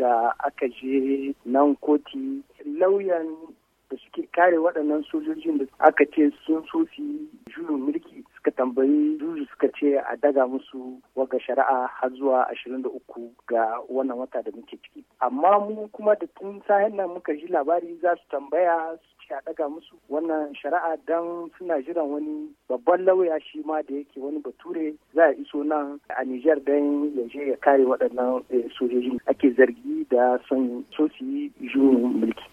da aka je nan koti lauyan da suke kare waɗannan sojojin da aka ce sun so su yi juyin mulki suka tambayi juju suka ce a daga musu waga shari'a har zuwa ashirin da uku ga wannan wata da muke ciki amma mu kuma da tun sahen nan muka ji labari za su tambaya su ce a daga musu wannan shari'a don suna jiran wani babban lauya shi ma da yake wani bature za a iso nan a Nijar dan ya je ya kare waɗannan eh, sojojin ake zargi da son sosi yi mulki.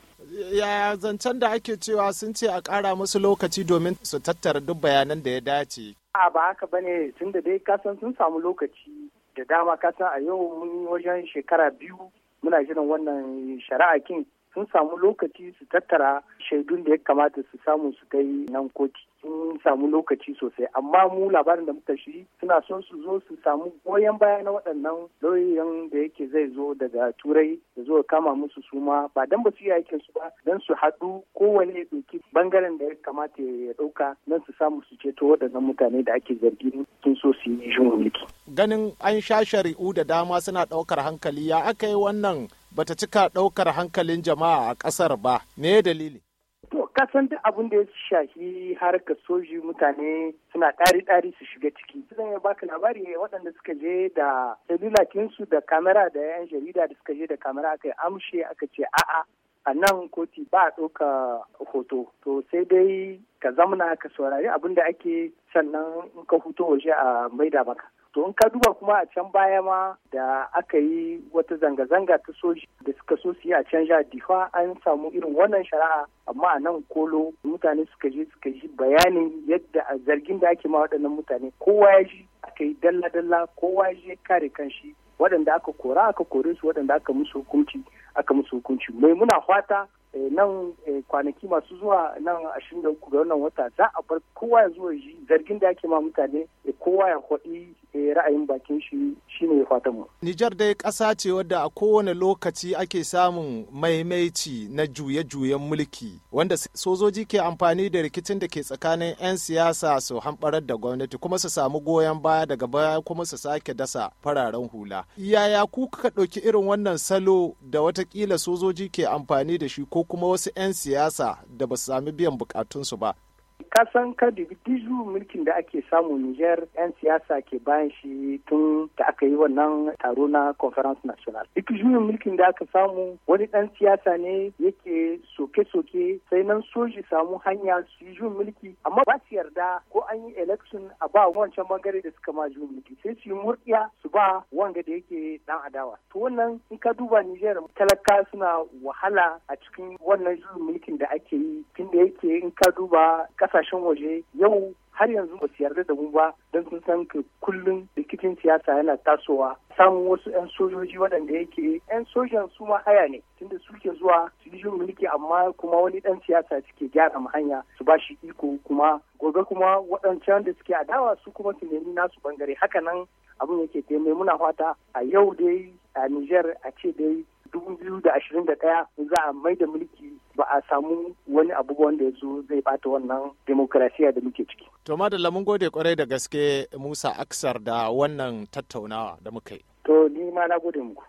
yaya zancen da ake cewa sun ce a kara musu lokaci domin su tattara duk bayanan da ya dace. A ba haka bane tun da dai kasan sun samu lokaci da dama kasan a yau mun wajen shekara biyu muna jiran wannan shari'a kin sun samu lokaci su tattara shaidun da ya kamata su samu su kai nan koti sun samu lokaci sosai amma mu labarin da muka shi suna son su zo su samu goyon baya na waɗannan lauyoyin da yake zai zo daga turai da zo kama musu suma ba dan ba su yi aikin su ba dan su haɗu kowane ya ɗauki bangaren da ya kamata ya ɗauka don su samu su ceto waɗannan mutane da ake zargin sun so su yi shi mulki. ganin an sha shari'u da dama suna ɗaukar hankali ya aka yi wannan bata cika ɗaukar hankalin jama'a a ƙasar ba ne dalili to kasan duk abin da ya shafi harkar soji mutane suna ɗari ɗari su shiga ciki zan ya baka labari waɗanda suka je da su da kamera da yan jarida da suka je da kamera aka yi amshe aka ce a'a a nan koti ba a ɗauka hoto to sai dai ka zamana ka saurari abin da ake sannan in ka hoto waje a maida maka to in ka duba kuma a can baya ma da aka yi wata zanga-zanga ta soji da suka so su yi a can jihar difa an samu irin wannan shari'a amma a nan kolo mutane suka je suka ji bayanin yadda a zargin da ake ma waɗannan mutane kowa ya ji aka yi dalla-dalla kowa ya ji ya kare kanshi waɗanda aka kora aka kore su waɗanda aka musu hukunci aka musu hukunci mai muna fata eh, nan eh, kwanaki masu zuwa nan ashirin da uku ga wannan wata za a bar kowa ya zuwa ji zargin da ake ma mutane eh, kowa ya kwaɗi Eh, ra'ayin bakin shi shine fata mu. Nijar dai ƙasa ce wadda a kowane lokaci ake samun maimaici na juye-juyen mulki wanda sojoji ke amfani da rikicin da ke tsakanin 'yan siyasa su hamɓarar da gwamnati kuma su samu goyon baya daga baya kuma su sake dasa fararen hula. Yaya ku ka ɗauki irin wannan salo da watakila sojoji ke amfani da shi ko kuma wasu 'yan siyasa da ba su sami biyan bukatunsu ba ka san ka dizu mulkin da ake samu Niger yan siyasa ke bayan shi tun da aka yi wannan taro na conference national duk juyin mulkin da aka samu wani dan siyasa ne yake soke-soke sai nan soji samu hanya su yi juyin mulki amma ba su yarda ko an yi election a ba wancan bangare da suka ma juyin mulki sai su yi murya su ba wanga da yake dan adawa to wannan in ka duba Niger talaka suna wahala a cikin wannan juyin mulkin da ake yi da yake in ka duba kasashe kasashen waje yau har yanzu ba su yarda da mu ba don sun san kullum rikicin siyasa yana tasowa samun wasu 'yan sojoji waɗanda yake 'yan sojan su ma haya ne tunda suke zuwa su yi mulki amma kuma wani ɗan siyasa suke gyara mu hanya su ba shi iko kuma gobe kuma waɗancan da suke adawa su kuma su nemi nasu bangare haka nan abin yake mai muna fata a yau dai a Niger a ce dai ɗaya za a mai da mulki ba a samu wani abu wanda ya zo zai bata wannan demokrasiya da muke ciki. To madalla mun gode kwarai da gaske Musa Aksar da wannan tattaunawa da muka yi. To ni ma na gode muku.